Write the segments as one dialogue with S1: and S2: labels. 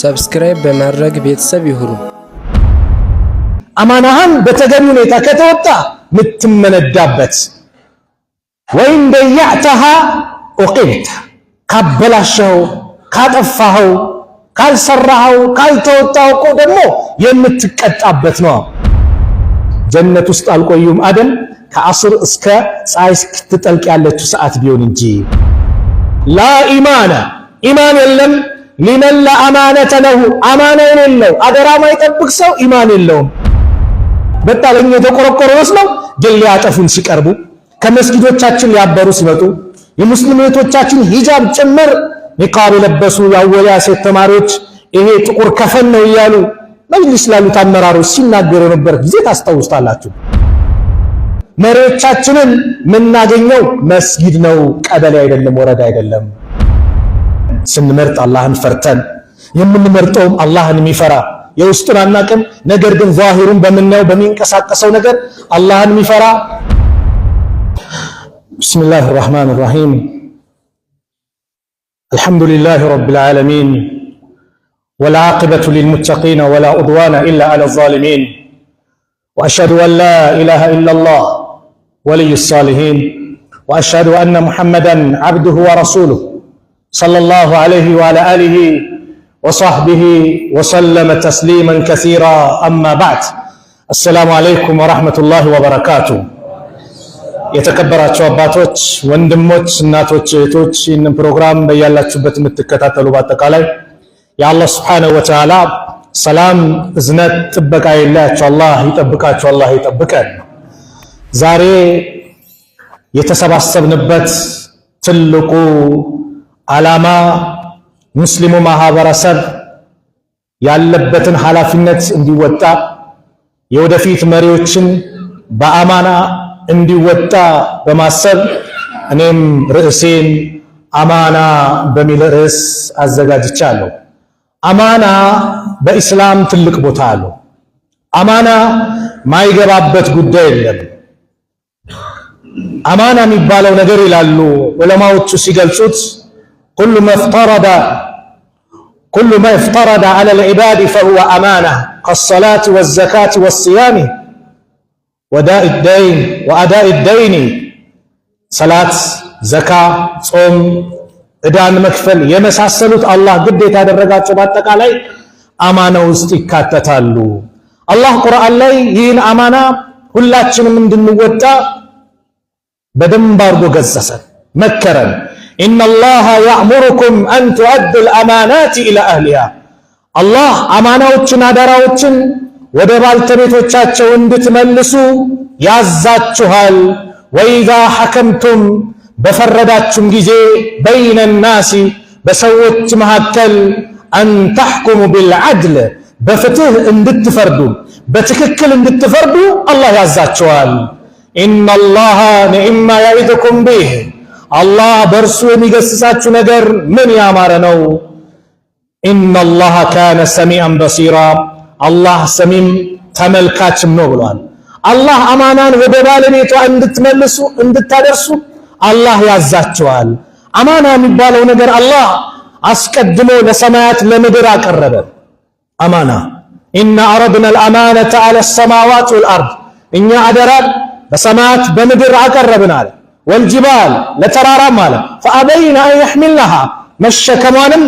S1: ሰብስክራይብ በማድረግ ቤተሰብ ይሁኑ። አማናህን በተገቢ ሁኔታ ከተወጣ የምትመነዳበት ወይም ደያዕተሃ ኦቂብታ ካበላሸኸው፣ ካጠፋኸው፣ ካልሰራኸው፣ ካልተወጣው እኮ ደግሞ የምትቀጣበት ነው። ጀነት ውስጥ አልቆዩም አደም ከአስር እስከ ፀሐይ እስክትጠልቅ ያለችው ሰዓት ቢሆን እንጂ ላ ኢማነ ኢማን የለም ሊመን ለአማነተ ለሁ አማና የሌለው አደራ ማይጠብቅ ሰው ኢማን የለውም። በጣለኝ የተቆረቆረ መስለው ግን ሊያጠፉን ሲቀርቡ ከመስጊዶቻችን ሊያበሩ ሲመጡ የሙስሊም እህቶቻችን ሂጃብ ጭምር ኒቃብ የለበሱ የአወሊያ ሴት ተማሪዎች ይሄ ጥቁር ከፈን ነው እያሉ መጅሊስ ላሉት አመራሮች ሲናገሩ የነበረ ጊዜ ታስታውስታላችሁ። መሪዎቻችንን የምናገኘው መስጊድ ነው፣ ቀበሌ አይደለም፣ ወረዳ አይደለም። ስንመርጥ አላህን ፈርተን የምንመርጠውም አላህን የሚፈራ የውስጡን አናቅም፣ ነገር ግን ዛሂሩን በምናየው በሚንቀሳቀሰው ነገር አላህን የሚፈራ ብስሚላህ ራህማን ራሂም አልሐምዱሊላህ ረቢል ዓለሚን ወልዓቂበቱ ሊልሙተቂን ወላ ዑድዋነ ኢላ ዐለ ዛሊሚን ወአሽሀዱ አን ላ ኢላሃ ኢለላህ ولي الصالحين واشهد ان محمدا عبده ورسوله صلى الله عليه وعلى اله وصحبه وسلم تسليما كثيرا اما بعد السلام عليكم ورحمه الله وبركاته የተከበራቸው አባቶች፣ ወንድሞች፣ እናቶች፣ እህቶች ይህንን ፕሮግራም በያላችሁበት የምትከታተሉ በአጠቃላይ የአላህ ስብሓነሁ ወተዓላ ሰላም፣ እዝነት፣ ጥበቃ የላያቸው አላህ ይጠብቃቸው፣ አላህ ይጠብቀን። ዛሬ የተሰባሰብንበት ትልቁ ዓላማ ሙስሊሙ ማህበረሰብ ያለበትን ኃላፊነት እንዲወጣ የወደፊት መሪዎችን በአማና እንዲወጣ በማሰብ እኔም ርዕሴን አማና በሚል ርዕስ አዘጋጅቻለሁ። አማና በኢስላም ትልቅ ቦታ አለው። አማና ማይገባበት ጉዳይ የለም። አማና የሚባለው ነገር ይላሉ ዑለማዎቹ ሲገልጹት ኩሉ ማ እፍተረደ ዐለ ልዕባድ ፈሁወ አማና ከሰላት ወዘካት ወስያሚ ወአዳኢ ደይኒ ሰላት፣ ዘካ፣ ጾም፣ ዕዳን መክፈል የመሳሰሉት አላህ ግዴታ ያደረጋቸው በአጠቃላይ አማና ውስጥ ይካተታሉ። አላህ ቁርአን ላይ ይህን አማና ሁላችንም እንድንወጣ በደንብ አድርጎ ገሰሰን፣ መከረን። ኢነላሃ ያእሙሩኩም አን ቱአዱል አማናት ኢላ አህሊያ አላህ አማናዎችን አደራዎችን ወደ ባልተቤቶቻቸው እንድትመልሱ ያዛችኋል። ወኢዛ ሐከምቱም በፈረዳችሁም ጊዜ በይነ ናሲ በሰዎች መካከል አንተሕኩሙ ቢልዓድል በፍትህ እንድትፈርዱ በትክክል እንድትፈርዱ አላህ ያዛችኋል። ኢነላሃ ነዒማ ያዒዙኩም ቢህ አላህ በእርሱ የሚገስጻችሁ ነገር ምን ያማረ ነው። ኢነላሃ ካነ ሰሚዐን በሲራ አላህ ሰሚም ተመልካችም ነው ብሏል። አላህ አማናን ወደ ባለቤቷ እንድትመልሱ እንድታደርሱ አላህ ያዛቸዋል። አማና የሚባለው ነገር አላህ አስቀድሞ ለሰማያት ለምድር አቀረበ። አማና ኢና አረድና አልአማነተ ዐለ ሰማዋት ወልአርድ እኛ አደራ በሰማት በምድር አቀረብን አለ። ወልጅባል ለተራራም አለ። ፈአበይና አን የሕሚልናሃ መሸከሟንም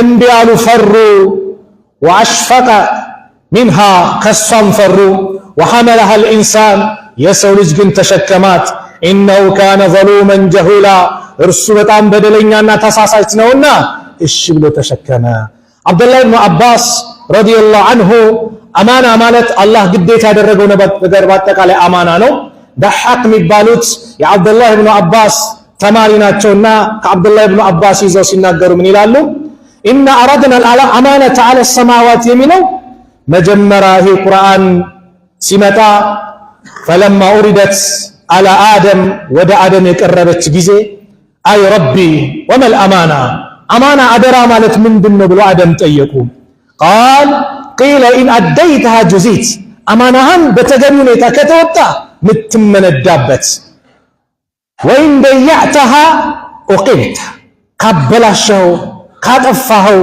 S1: እምቢ አሉ፣ ፈሩ። ወአሽፈቀ ሚንሃ ከሷም ፈሩ። ወሐመላሃ ልኢንሳን የሰው ልጅ ግን ተሸከማት። ኢነሁ ካነ ዘሉመን ጀሁላ እርሱ በጣም በደለኛና ተሳሳች ነውና እሺ ብሎ ተሸከመ። አብዱላህ ብኑ አባስ ረዲየላሁ አንሁ አማና ማለት አላህ ግዴታ ያደረገው ነገር በአጠቃላይ አማና ነው። ደሓቅ የሚባሉት የአብዱላህ ብኑ አባስ ተማሪ ናቸውና ከአብዱላህ ብኑ አባስ ይዘው ሲናገሩ ምን ይላሉ? ኢና አረድና አማነተ አለ ሰማዋት የሚለው መጀመሪያ ይሄ ቁርአን ሲመጣ ፈለማ ኡሪደት አለ አደም ወደ አደም የቀረበች ጊዜ አይ ረቢ ወመል አማና አማና አደራ ማለት ምንድን ነው ብሎ አደም ጠየቁ። ቃል ቂለ ኢን አደይተሃ ጁዚት አማናህን በተገቢ ሁኔታ ከተወጣ ምትመነዳበት ወይም በያዕተሃ ኦቂምታ ካበላሸኸው፣ ካጠፋኸው፣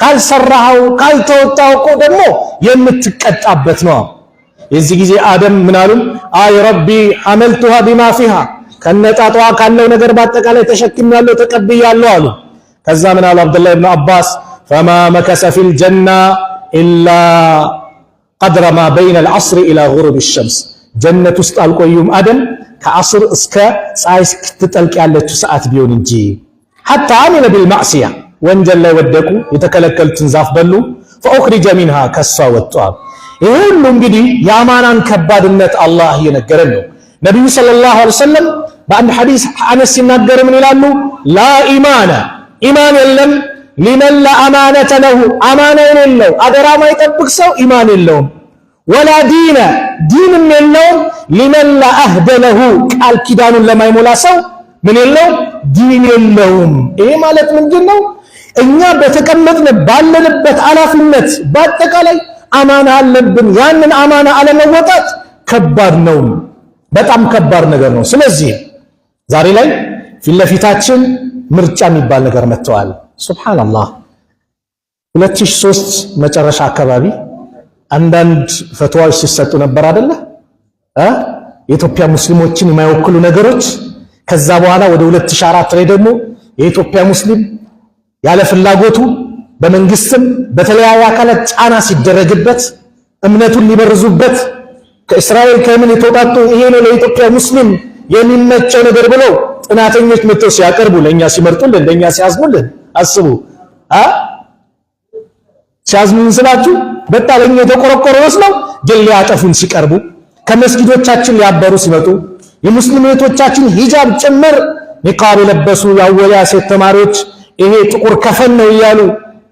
S1: ካልሰራኸው፣ ካልተወጣው እኮ ደግሞ የምትቀጣበት ነው። የዚህ ጊዜ አደም ምናሉም አይ ረቢ ሐመልቱሃ ቢማ ፊሃ ከነጣጧ ካለው ነገር በአጠቃላይ ተሸክሚያለሁ ተቀብያለሁ አሉ። ከዛ ምን አሉ አብዱላህ አባስ ፈማ መከሰ ፊል ጀና ኢላ ቀድረ ማ በይነ አልዐስሪ ኢላ ጉሩብ ሸምስ ጀነት ውስጥ አልቆዩም አደም ከአስር እስከ ፀሐይ እስክትጠልቅ ያለችው ሰዓት ቢሆን እንጂ ሐታ አሚለ ቢልማዕስያ ወንጀል ላይ ወደቁ፣ የተከለከሉትን ዛፍ በሉ። ፈኡኽሪጀ ሚንሃ ከሷ ወጥቷል። ይህ ሁሉ እንግዲህ የአማናን ከባድነት አላህ እየነገረን ነው። ነቢዩ ሰለላሁ ዐለይሂ ወሰለም በአንድ ሐዲስ አነስ ሲናገር ምን ይላሉ? ላ ኢማነ ኢማን የለም ሊመን ለአማነተ ለሁ አማና የሌለው አደራ ማይጠብቅ ሰው ኢማን የለውም ወላ ዲነ ዲንም የለውም። ሊመን ላአህደ ለሁ ቃል ኪዳኑን ለማይሞላ ሰው ምን የለውም ዲን የለውም። ይሄ ማለት ምንድን ነው? እኛ በተቀመጥን ባለንበት ኃላፊነት በአጠቃላይ አማና አለብን። ያንን አማና አለመወጣት ከባድ ነው፣ በጣም ከባድ ነገር ነው። ስለዚህ ዛሬ ላይ ፊት ለፊታችን ምርጫ የሚባል ነገር መጥተዋል። ሱብሃነላህ 2003 መጨረሻ አካባቢ አንዳንድ ፈትዋዎች ሲሰጡ ነበር አይደለ? የኢትዮጵያ ሙስሊሞችን የማይወክሉ ነገሮች። ከዛ በኋላ ወደ 2004 ላይ ደግሞ የኢትዮጵያ ሙስሊም ያለ ፍላጎቱ በመንግስትም በተለያዩ አካላት ጫና ሲደረግበት እምነቱን ሊበርዙበት ከእስራኤል ከምን የተውጣጡ ይሄ ነው ለኢትዮጵያ ሙስሊም የሚመቸው ነገር ብለው ጥናተኞች መጥተው ሲያቀርቡ ለኛ ሲመርጡልን ለኛ ሲያዝኑልን አስቡ። ሲያዝኑን ስላችሁ በጣለኝ የተቆረቆረ ወስነው ድል ሊያጠፉን ሲቀርቡ ከመስጊዶቻችን ሊያበሩ ሲመጡ የሙስሊም እህቶቻችን ሂጃብ ጭምር ኒቃብ የለበሱ የአወሊያ ሴት ተማሪዎች ይሄ ጥቁር ከፈን ነው እያሉ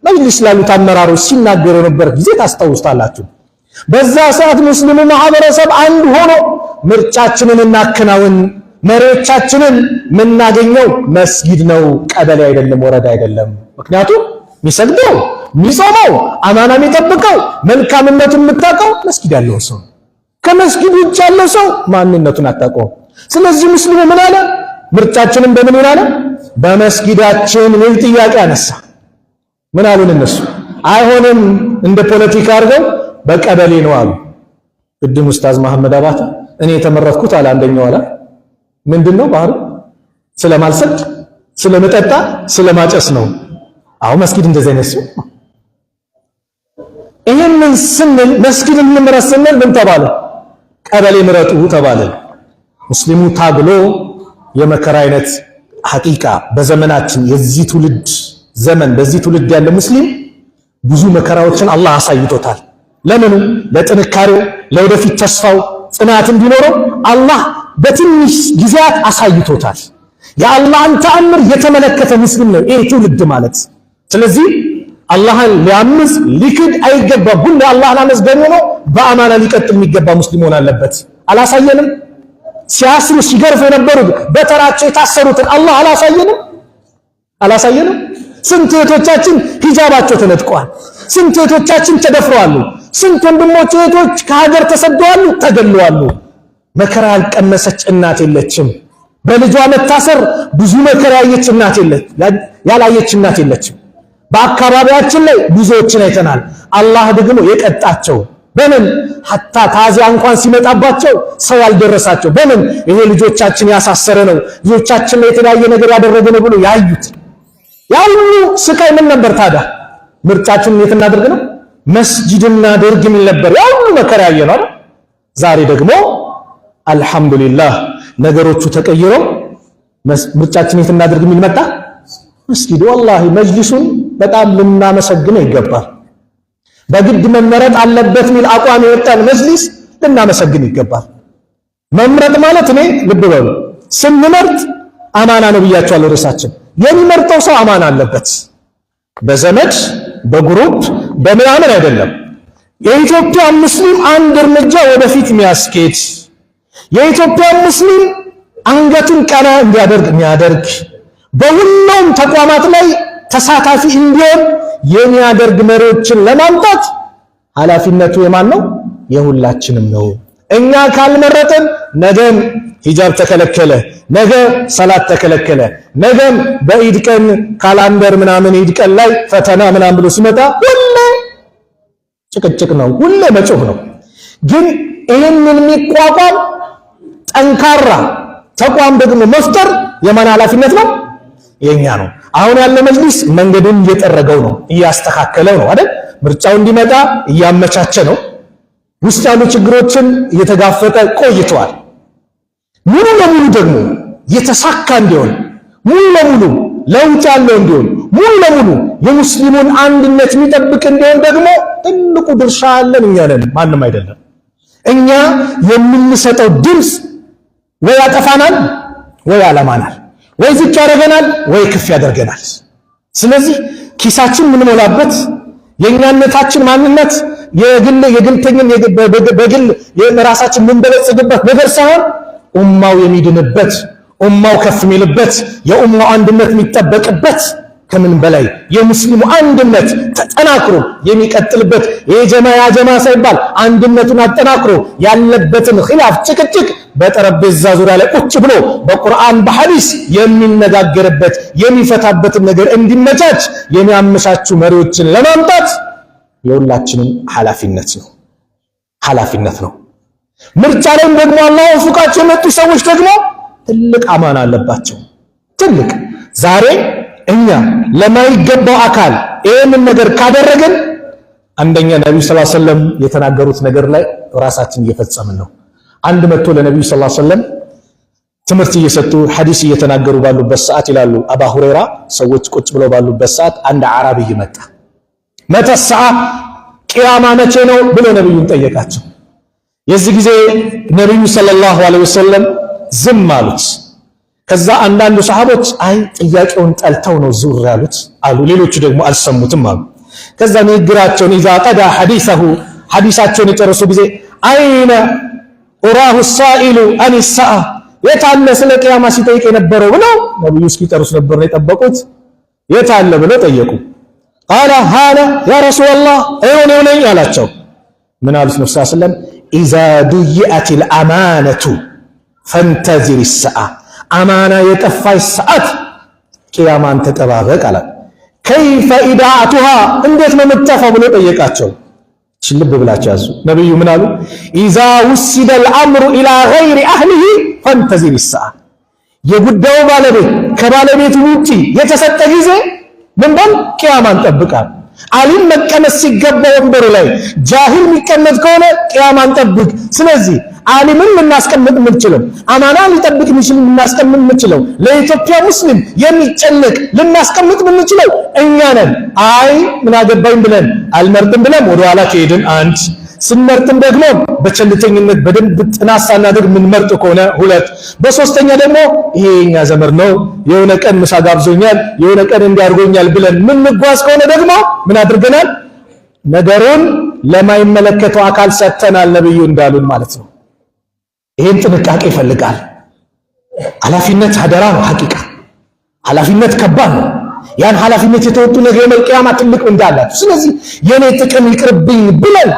S1: መጅሊስ ላሉት አመራሮች ሲናገሩ ነበር ጊዜ ታስታውስታላችሁ። በዛ ሰዓት ሙስሊሙ ማህበረሰብ አንድ ሆኖ ምርጫችንን እናከናውን፣ መሪዎቻችንን የምናገኘው መስጊድ ነው፣ ቀበሌ አይደለም፣ ወረዳ አይደለም። ምክንያቱም የሚሰግደው የሚጾመው አማና የሚጠብቀው መልካምነቱን የምታውቀው መስጊድ ያለው ሰው ከመስጊድ ውጭ ያለው ሰው ማንነቱን አታውቀውም። ስለዚህ ሙስሊሙ ምን አለ? ምርጫችንም በምን ይላል? በመስጊዳችን የሚል ጥያቄ አነሳ። ምን አሉን እነሱ? አይሆንም እንደ ፖለቲካ አድርገው በቀበሌ ነው አሉ። ቅድም ኡስታዝ መሐመድ አባተ እኔ የተመረጥኩት አለ አንደኛው አለ ምንድነው ባህሩ ስለማልሰጥ ስለመጠጣ ስለማጨስ ነው። አሁን መስጊድ እንደዚህ አይነት ይህንን ስንል መስጊድ እንምረጥ ስንል ምን ተባለ? ቀበሌ ምረጡ ተባለ። ሙስሊሙ ታግሎ የመከራ አይነት ሐቂቃ በዘመናችን የዚህ ትውልድ ዘመን በዚህ ትውልድ ያለ ሙስሊም ብዙ መከራዎችን አላህ አሳይቶታል። ለምኑ ለጥንካሬው፣ ለወደፊት ተስፋው ጽናት እንዲኖረው አላህ በትንሽ ጊዜያት አሳይቶታል። የአላህን ተአምር የተመለከተ ሙስሊም ነው ይህ ትውልድ ማለት ስለዚህ አላህን ሊያምዝ ሊክድ አይገባም። ሁሉ አላህን አመዝ ደግሞ ነው በአማና ሊቀጥል የሚገባ ሙስሊም መሆን አለበት። አላሳየንም? ሲያስሩ ሲገርፉ የነበሩት በተራቸው የታሰሩትን አላህ አላሳየንም? አላሳየንም? ስንት እህቶቻችን ሂጃባቸው ተነጥቀዋል። ስንት እህቶቻችን ተደፍረዋሉ። ስንት ወንድሞች እህቶች ከሀገር ተሰደዋሉ፣ ተገለዋሉ። መከራ ያልቀመሰች እናት የለችም። በልጇ መታሰር ብዙ መከራ ያየች እናት የለችም። በአካባቢያችን ላይ ብዙዎችን አይተናል። አላህ ደግሞ የቀጣቸው በምን ሀታ ታዚያ እንኳን ሲመጣባቸው ሰው አልደረሳቸው። በምን ይሄ ልጆቻችን ያሳሰረ ነው፣ ልጆቻችን ላይ የተለያየ ነገር ያደረገ ነው ብሎ ያዩት ያሉ ስቃይ ምን ነበር ታዲያ? ምርጫችን የት እናደርግ ነው? መስጂድና ደርግ የሚል ነበር። ያሉ መከራ ያየ ነው። ዛሬ ደግሞ አልሐምዱሊላህ ነገሮቹ ተቀይረው ምርጫችን የት እናደርግ የሚል መጣ። መስጊድ ወላሂ መጅሊሱን በጣም ልናመሰግነው ይገባል። በግድ መመረጥ አለበት ሚል አቋም የወጣን መጅሊስ ልናመሰግን ይገባል። መምረጥ ማለት እኔ ልብ በሉ ስንመርጥ አማና ነው ብያቸዋለሁ። ርዕሳችን የሚመርጠው ሰው አማና አለበት። በዘመድ በግሩፕ በምናምን አይደለም። የኢትዮጵያ ሙስሊም አንድ እርምጃ ወደፊት የሚያስኬድ የኢትዮጵያ ሙስሊም አንገቱን ቀና እንዲያደርግ የሚያደርግ በሁሉም ተቋማት ላይ ተሳታፊ እንዲሆን የሚያደርግ መሪዎችን ለማምጣት ኃላፊነቱ የማን ነው? የሁላችንም ነው። እኛ ካልመረጥን ነገም ሂጃብ ተከለከለ፣ ነገ ሰላት ተከለከለ፣ ነገም በኢድ ቀን ካላንደር ምናምን ኢድ ቀን ላይ ፈተና ምናምን ብሎ ሲመጣ ሁሌ ጭቅጭቅ ነው፣ ሁሌ መጮህ ነው። ግን ይህንን የሚቋቋም ጠንካራ ተቋም ደግሞ መፍጠር የማን ኃላፊነት ነው? የኛ ነው። አሁን ያለ መጅሊስ መንገድን እየጠረገው ነው፣ እያስተካከለው ነው አይደል? ምርጫው እንዲመጣ እያመቻቸ ነው። ውስጥ ያሉ ችግሮችን እየተጋፈጠ ቆይተዋል። ሙሉ ለሙሉ ደግሞ የተሳካ እንዲሆን ሙሉ ለሙሉ ለውጥ ያለው እንዲሆን ሙሉ ለሙሉ የሙስሊሙን አንድነት የሚጠብቅ እንዲሆን ደግሞ ትልቁ ድርሻ አለን እኛ ነን፣ ማንም አይደለም። እኛ የምንሰጠው ድምፅ ወይ ያጠፋናል ወይ ያለማናል። ወይ ዝቅ ያደርገናል፣ ወይ ክፍ ያደርገናል። ስለዚህ ኪሳችን የምንሞላበት የእኛነታችን ማንነት የግል የግልተኝን በግል ራሳችን የምንበለጽግበት ነገር ሳይሆን ኡማው የሚድንበት ኡማው ከፍ የሚልበት የኡማው አንድነት የሚጠበቅበት ከምን በላይ የሙስሊሙ አንድነት ተጠናክሮ የሚቀጥልበት የጀማ ያጀማ ሳይባል አንድነቱን አጠናክሮ ያለበትን ኺላፍ ጭቅጭቅ በጠረጴዛ ዙሪያ ላይ ቁጭ ብሎ በቁርአን በሐዲስ የሚነጋገርበት የሚፈታበትን ነገር እንዲመቻች የሚያመቻቹ መሪዎችን ለማምጣት የሁላችንም ኃላፊነት ነው ኃላፊነት ነው። ምርጫ ላይም ደግሞ አላህ ፉቃቸው የመጡ ሰዎች ደግሞ ትልቅ አማና አለባቸው። ትልቅ ዛሬ እኛ ለማይገባው አካል ይህንን ነገር ካደረግን አንደኛ ነቢዩ ሰለላሁ ዐለይሂ ወሰለም የተናገሩት ነገር ላይ ራሳችን እየፈጸምን ነው። አንድ መጥቶ ለነቢዩ ሰለላሁ ዐለይሂ ወሰለም ትምህርት እየሰጡ ሐዲስ እየተናገሩ ባሉበት ሰዓት ይላሉ አባ ሁሬራ ሰዎች ቁጭ ብለው ባሉበት ሰዓት አንድ አራብይ መጣ። መተ ሰዓ ቂያማ መቼ ነው ብሎ ነቢዩን ጠየቃቸው። የዚህ ጊዜ ነቢዩ ሰለላሁ ዐለይሂ ወሰለም ዝም አሉት። ከዛ አንዳንዱ ሰሃቦች አይ ጥያቄውን ጠልተው ነው ዙር ያሉት አሉ። ሌሎቹ ደግሞ አልሰሙትም አሉ። ከዛ ንግግራቸውን ኢዛ ቀዳ ሐዲሰሁ ሐዲሳቸውን የጨረሱ ጊዜ አይነ ኡራሁ ሳኢሉ አን ሰአ የታለ ስለ ቅያማ ሲጠይቅ የነበረው ብለው ነብዩ እስኪጨርሱ ነበር ነው የጠበቁት። የታለ ብለው ጠየቁ። ቃለ ሃነ ያ ረሱላላህ እኔው ነኝ አላቸው። ምን አሉት? ነብዩ ሰለላሁ ዐለይሂ ኢዛ ዱይአት አልአማነቱ ፈንተዚር ሰአ አማና የጠፋች ሰዓት ቅያማን ተጠባበቅ አላት። ከይፈ ኢዳአቱሃ እንዴት ነው የምትጠፋው ብሎ ጠየቃቸው። ልብ ብላችሁ ያዙ። ነብዩ ምን አሉ? ኢዛ ውሲደ አልአምሩ ኢላ ገይሪ አህሊሂ ፈንተዚር ሰዓ። የጉዳዩ ባለቤት ከባለቤቱ ውጪ የተሰጠ ጊዜ ምን ቅያማን ጠብቃል አሊም መቀመጥ ሲገባ ወንበሩ ላይ ጃሂል የሚቀመጥ ከሆነ ቅያማ እንጠብቅ። ስለዚህ አሊምን ልናስቀምጥ የምንችለው አማና ሊጠብቅ የሚችል ልናስቀምጥ የምንችለው ለኢትዮጵያ ሙስሊም የሚጨነቅ ልናስቀምጥ የምንችለው እኛ ነን። አይ ምን አገባኝ ብለን አልመርጥም ብለን ወደኋላ ከሄድን አንድ ስንመርጥም ደግሞ በቸልተኝነት በደንብ ጥናት ሳናደርግ የምንመርጥ ከሆነ ሁለት፣ በሶስተኛ ደግሞ ይሄ የኛ ዘመድ ነው የሆነ ቀን ምሳ ጋብዞኛል የሆነ ቀን እንዲያርጎኛል ብለን ምንጓዝ ከሆነ ደግሞ ምን አድርገናል? ነገሩን ለማይመለከተው አካል ሰጥተናል፣ ነብዩ እንዳሉን ማለት ነው። ይሄን ጥንቃቄ ይፈልጋል። ኃላፊነት አደራ ነው። ሐቂቃ ኃላፊነት ከባድ ነው። ያን ኃላፊነት የተወጡ ነገ የመልቂያማ ትልቅ እንዳላችሁ። ስለዚህ የኔ ጥቅም ይቅርብኝ ብለን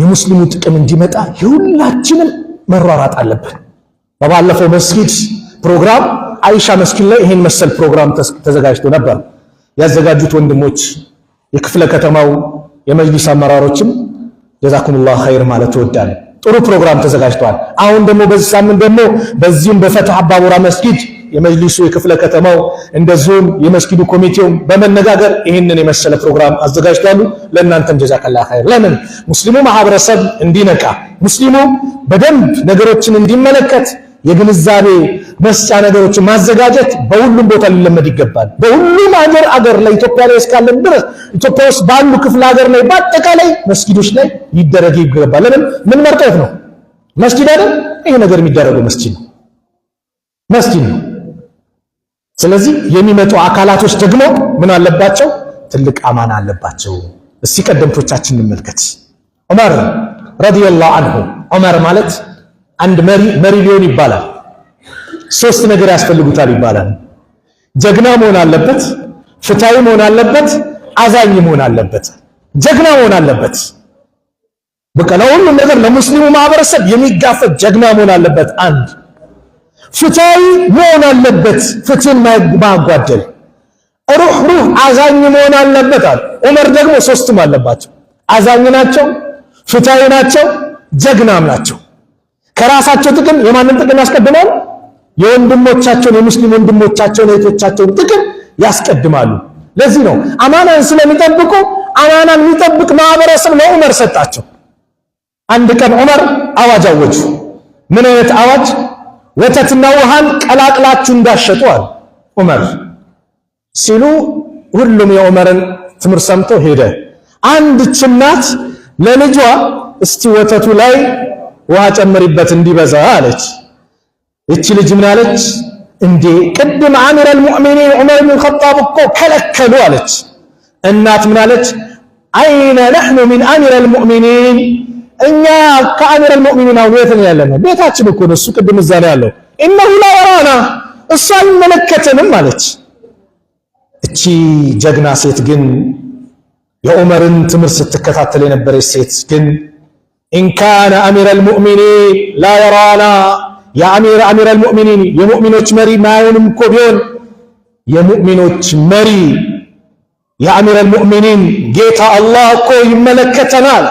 S1: የሙስሊሙ ጥቅም እንዲመጣ የሁላችንም መሯራጥ አለብን። በባለፈው መስጊድ ፕሮግራም አይሻ መስጊድ ላይ ይሄን መሰል ፕሮግራም ተዘጋጅቶ ነበር። ያዘጋጁት ወንድሞች፣ የክፍለ ከተማው የመጅሊስ አመራሮችም ጀዛኩሙላህ ኸይር ማለት እወዳለሁ። ጥሩ ፕሮግራም ተዘጋጅተዋል። አሁን ደግሞ በዚህ ሳምንት ደግሞ በዚህም በፈትህ አባቡራ መስጊድ የመጅሊሱ የክፍለ ከተማው እንደዚሁም የመስጊዱ ኮሚቴውም በመነጋገር ይህንን የመሰለ ፕሮግራም አዘጋጅቷሉ። ለእናንተም ጀዛከላ ኸይር። ለምን ሙስሊሙ ማህበረሰብ እንዲነቃ ሙስሊሙ በደንብ ነገሮችን እንዲመለከት የግንዛቤ መስጫ ነገሮችን ማዘጋጀት በሁሉም ቦታ ሊለመድ ይገባል። በሁሉም ሀገር አገር ላይ ኢትዮጵያ ላይ እስካለን ድረስ ኢትዮጵያ ውስጥ ባሉ ክፍለ ሀገር ላይ በአጠቃላይ መስጊዶች ላይ ይደረግ ይገባል። ለምን ምን መርጠት ነው መስጊድ አይደል? ይሄ ነገር የሚደረገው መስጊድ ነው መስጊድ ነው። ስለዚህ የሚመጡ አካላቶች ደግሞ ምን አለባቸው? ትልቅ አማና አለባቸው። እስቲ ቀደምቶቻችን እንመልከት። ዑመር ረዲየላሁ አንሁ። ዑመር ማለት አንድ መሪ መሪ ሊሆን ይባላል፣ ሶስት ነገር ያስፈልጉታል ይባላል። ጀግና መሆን አለበት፣ ፍትሃዊ መሆን አለበት፣ አዛኝ መሆን አለበት። ጀግና መሆን አለበት። በቃ ለሁሉም ነገር ለሙስሊሙ ማህበረሰብ የሚጋፈጥ ጀግና መሆን አለበት። አንድ ፍትሃዊ መሆን አለበት። ፍትህን ማጓደል ሩህ ሩህ አዛኝ መሆን አለበት አለ ዑመር። ደግሞ ሶስቱም አለባቸው። አዛኝ ናቸው፣ ፍትሃዊ ናቸው፣ ጀግናም ናቸው። ከራሳቸው ጥቅም የማንም ጥቅም ያስቀድማሉ። የወንድሞቻቸውን የሙስሊም ወንድሞቻቸውን እህቶቻቸውን ጥቅም ያስቀድማሉ። ለዚህ ነው አማናን ስለሚጠብቁ አማናን የሚጠብቅ ማህበረሰብ ለዑመር ሰጣቸው። አንድ ቀን ዑመር አዋጅ አወጁ። ምን አይነት አዋጅ? ወተትና ውሃን ቀላቅላችሁ እንዳሸጡ አለ ዑመር ሲሉ ሁሉም የዑመርን ትምህርት ሰምቶ ሄደ። አንድች እናት ለልጇ እስቲ ወተቱ ላይ ውሃ ጨምሪበት እንዲበዛ አለች። ይቺ ልጅ ምን አለች? እንዴ ቅድም አሚረል ሙእሚኒን ዑመር ብን ኸጣብ እኮ ከለከሉ አለች። እናት ምን አለች? አይነ ነሕኑ ሚን አሚረል ሙእሚኒን እኛ ከአሚረል አልሙእሚኒን አሁን የት ነው ያለነው? ቤታችን እኮ ነው። እሱ ቅድም እዛ ላይ ያለው እነሁ ላ የራና እሱ አይመለከተንም አለች። እቺ ጀግና ሴት ግን የዑመርን ትምህርት ስትከታተል የነበረች ሴት ግን ኢንካነ አሚር አልሙእሚኒን ላ የራና የአሚር አሚር አልሙእሚኒን የሙእሚኖች መሪ ማየንም እኮ ቢሆን የሙእሚኖች መሪ የአሚር አልሙእሚኒን ጌታ አላህ እኮ ይመለከተናል።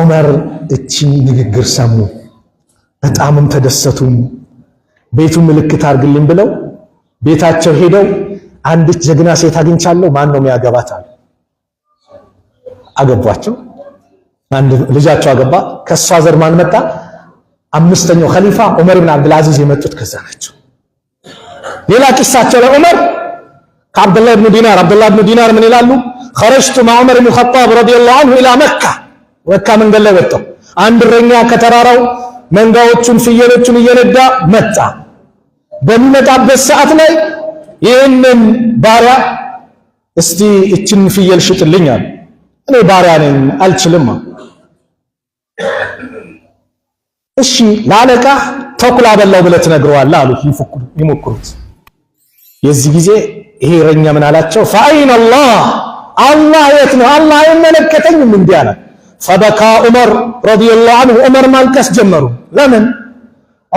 S1: ዑመር እቺ ንግግር ሰሙ፣ በጣምም ተደሰቱም። ቤቱን ምልክት አድርግልኝ ብለው ቤታቸው ሄደው አንድች ጀግና ሴት አግኝቻለሁ፣ ማን ነው የሚያገባት አሉ። አገቧቸው። አንድ ልጃቸው አገባ። ከሷ ዘር ማን መጣ? አምስተኛው ኸሊፋ ዑመር ብን አብዱል አዚዝ የመጡት ከዛ ናቸው። ሌላ ቂሳቸው ላይ ዑመር ከአብደላህ ብኑ ዲናር አብዱላህ ብኑ ዲናር ምን ይላሉ? ኸረጅቱ ማዕ ዑመር ብን ኸጣብ ረዲየላሁ ዐንሁ ኢላ መካ ወካ መንገድ ላይ ወጣው። አንድ እረኛ ከተራራው መንጋዎቹን ፍየሎቹን እየነዳ መጣ። በሚመጣበት ሰዓት ላይ ይህንን ባሪያ እስቲ እችን ፍየል ሽጥልኝ አለ። እኔ ባሪያ ነኝ አልችልም። እሺ ለአለቃ ተኩላ በላው ብለህ ትነግረዋለህ አሉት። ይሞክሩት። የዚህ ጊዜ ይሄ እረኛ ምን አላቸው? ፈአይን አላህ አላህ የት ነው? አላህ አይመለከተኝም እንዲህ አላት። ፈበካ ዑመር ረዲየላሁ አንሁ ዑመር ማልቀስ ጀመሩ። ለምን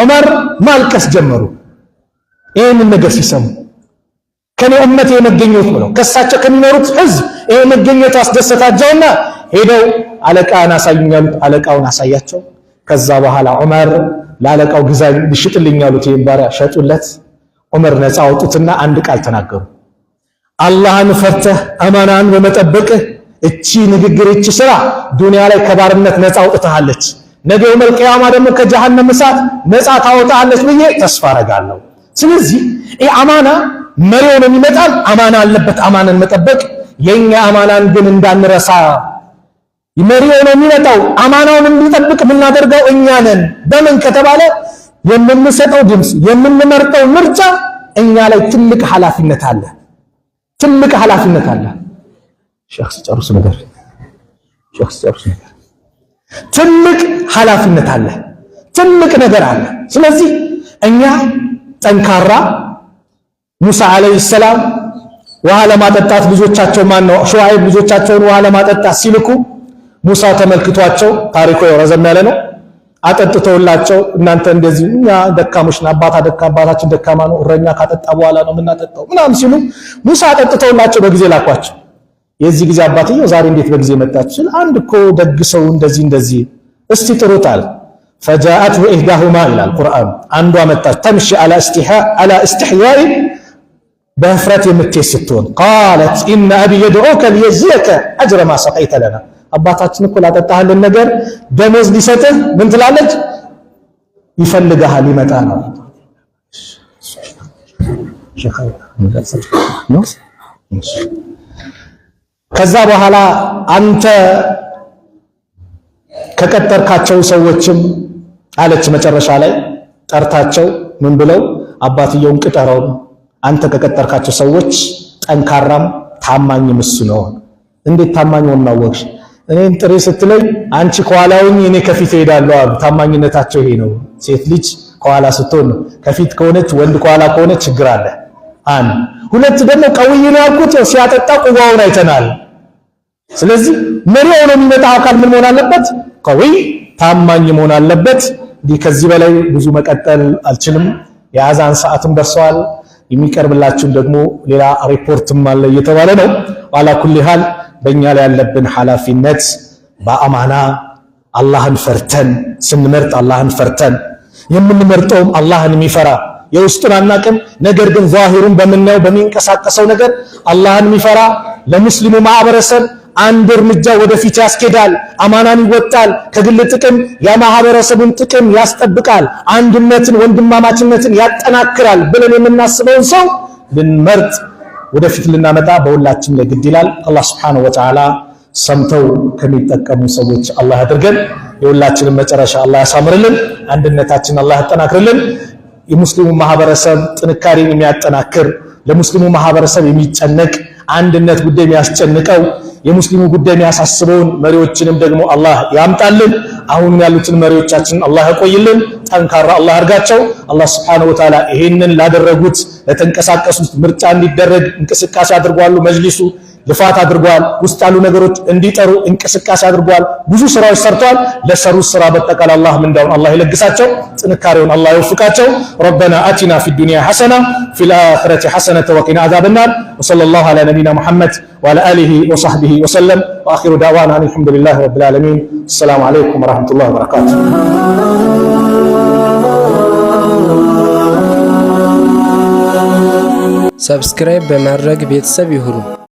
S1: ዑመር ማልቀስ ጀመሩ? ይህንን ነገር ሲሰሙ ከኔ እመት የመገኘት ብለው ከሳቸው ከሚኖሩት ህዝብ ይህ መገኘት አስደሰታቸውና ሄደው አለቃን አሳዩኝ አሉት። አለቃውን አሳያቸው። ከዛ በኋላ ዑመር ለአለቃው ግዛኝ ልሽጥልኝ አሉት። ይህን ባሪያ ሸጡለት። ዑመር ነፃ አወጡትና አንድ ቃል ተናገሩ። አላህን ፈርተህ አማናን በመጠበቅህ እቺ ንግግር እቺ ስራ ዱንያ ላይ ከባርነት ነፃ አውጥታለች። ነገ የውመል ቂያማ ደግሞ ከጀሃነም እሳት ነፃ ታወጣለች ብዬ ተስፋ አረጋለሁ። ስለዚህ ይህ አማና መሪውን የሚመጣል አማና አለበት። አማናን መጠበቅ የኛ አማናን ግን እንዳንረሳ። መሪው ነው የሚመጣው። አማናውን እንዲጠብቅ የምናደርገው እኛ ነን። በምን ከተባለ የምንሰጠው ድምፅ፣ የምንመርጠው ምርጫ እኛ ላይ ትልቅ ኃላፊነት አለ። ትልቅ ኃላፊነት አለ። ሸክስ ጨርሱ ነገር ሸክስ ጨርሱ ነገር ትልቅ ኃላፊነት አለ፣ ትልቅ ነገር አለ። ስለዚህ እኛ ጠንካራ ሙሳ አለይሂ ሰላም ውሃ ለማጠጣት ልጆቻቸው ማን ነው ሹዓይብ ልጆቻቸውን ውሃ ለማጠጣት ሲልኩ ሙሳ ተመልክቷቸው ታሪኩ ረዘም ያለ ነው። አጠጥተውላቸው እናንተ እንደዚህ እኛ ደካሞች አባታ ደካ አባታችን ደካማ ነው፣ እረኛ ካጠጣ በኋላ ነው የምናጠጣው ምናምን ሲሉ ሙሳ አጠጥተውላቸው በጊዜ ላኳቸው። የዚህ ጊዜ አባትየው ዛሬ እንዴት በጊዜ መጣች ስል አንድ እኮ ደግ ሰው እንደዚህ እንደዚህ እስቲ ጥሩታል ፈጃአት ኢህዳሁማ ይላል ቁርአን አንዷ መጣች ተምሺ አላ እስትሕያኢ በህፍረት የምትሄድ ስትሆን ቃለት ኢነ አቢ የድዑከ ሊየጅዘከ አጅረ ማ ሰቀይተ ለና አባታችን እኮ ላጠጣህልን ነገር ደሞዝ ሊሰጥህ ምን ትላለች ይፈልግሃል ይመጣ ነው ነው ከዛ በኋላ አንተ ከቀጠርካቸው ሰዎችም አለች መጨረሻ ላይ ጠርታቸው ምን ብለው አባትየውን ቅጠረው፣ አንተ ከቀጠርካቸው ሰዎች ጠንካራም ታማኝም እሱ ነው። እንዴት ታማኝ ሆና አወቅሽ? እኔን ጥሪ ስትለኝ አንቺ ከኋላውኝ እኔ ከፊት እሄዳለሁ አሉ። ታማኝነታቸው ይሄ ነው። ሴት ልጅ ከኋላ ስትሆን ነው። ከፊት ከሆነች ወንድ ከኋላ ከሆነ ችግር አለ። አንድ ሁለት ደግሞ ቀውይ ነው ያልኩት ሲያጠጣ ቁባውን አይተናል። ስለዚህ መሪ ሆኖ የሚመጣ አካል ምን መሆን አለበት? ቀዊ ታማኝ መሆን አለበት። እንዲህ ከዚህ በላይ ብዙ መቀጠል አልችልም። የአዛን ሰዓትም ደርሰዋል። የሚቀርብላችሁም ደግሞ ሌላ ሪፖርትም አለ እየተባለ ነው። ዋላ ኩሊ ሃል በእኛ ላይ ያለብን ኃላፊነት በአማና አላህን ፈርተን ስንመርጥ አላህን ፈርተን የምንመርጠውም አላህን የሚፈራ የውስጡን አናቅም፣ ነገር ግን ዛሂሩን በምናየው በሚንቀሳቀሰው ነገር አላህን የሚፈራ ለሙስሊሙ ማህበረሰብ አንድ እርምጃ ወደፊት ያስኬዳል፣ አማናን ይወጣል፣ ከግል ጥቅም የማህበረሰቡን ጥቅም ያስጠብቃል፣ አንድነትን ወንድማማችነትን ያጠናክራል ብለን የምናስበውን ሰው ልንመርጥ ወደፊት ልናመጣ በሁላችን ላይ ግድ ይላል። አላህ ሱብሓነሁ ወተዓላ ሰምተው ከሚጠቀሙ ሰዎች አላህ አድርገን የሁላችንን መጨረሻ አላህ ያሳምርልን፣ አንድነታችን አላህ ያጠናክርልን። የሙስሊሙ ማህበረሰብ ጥንካሬን የሚያጠናክር ለሙስሊሙ ማህበረሰብ የሚጨነቅ አንድነት ጉዳይ የሚያስጨንቀው የሙስሊሙ ጉዳይ የሚያሳስበውን መሪዎችንም ደግሞ አላህ ያምጣልን። አሁን ያሉትን መሪዎቻችንን አላህ ያቆይልን፣ ጠንካራ አላህ አድርጋቸው። አላህ ስብሐነሁ ወተዓላ ይሄንን ላደረጉት ለተንቀሳቀሱት ምርጫ እንዲደረግ እንቅስቃሴ አድርጓሉ መጅሊሱ ልፋት አድርጓል። ውስጥ ያሉ ነገሮች እንዲጠሩ እንቅስቃሴ አድርጓል። ብዙ ስራዎች ሰርተዋል። ለሰሩት ስራ በጠቃላይ አላህ ምንዳውን አላህ ይለግሳቸው፣ ጥንካሬውን አላህ ይወፍቃቸው። ረበና አቲና ፊ ዱንያ ሐሰና ፊል አኺረቲ ሐሰነተ ወቂና አዛብናር ወሰለላሁ አላ ነቢና ሙሐመድ ወዐላ አሊሂ ወሰሕቢሂ ወሰለም ወአኺሩ ዳዕዋና አልሐምዱሊላሂ ረቢል ዓለሚን። አሰላሙ ዐለይኩም ወረሕመቱላሂ ወበረካቱህ። ሰብስክራይብ በማድረግ ቤተሰብ ይሁኑ።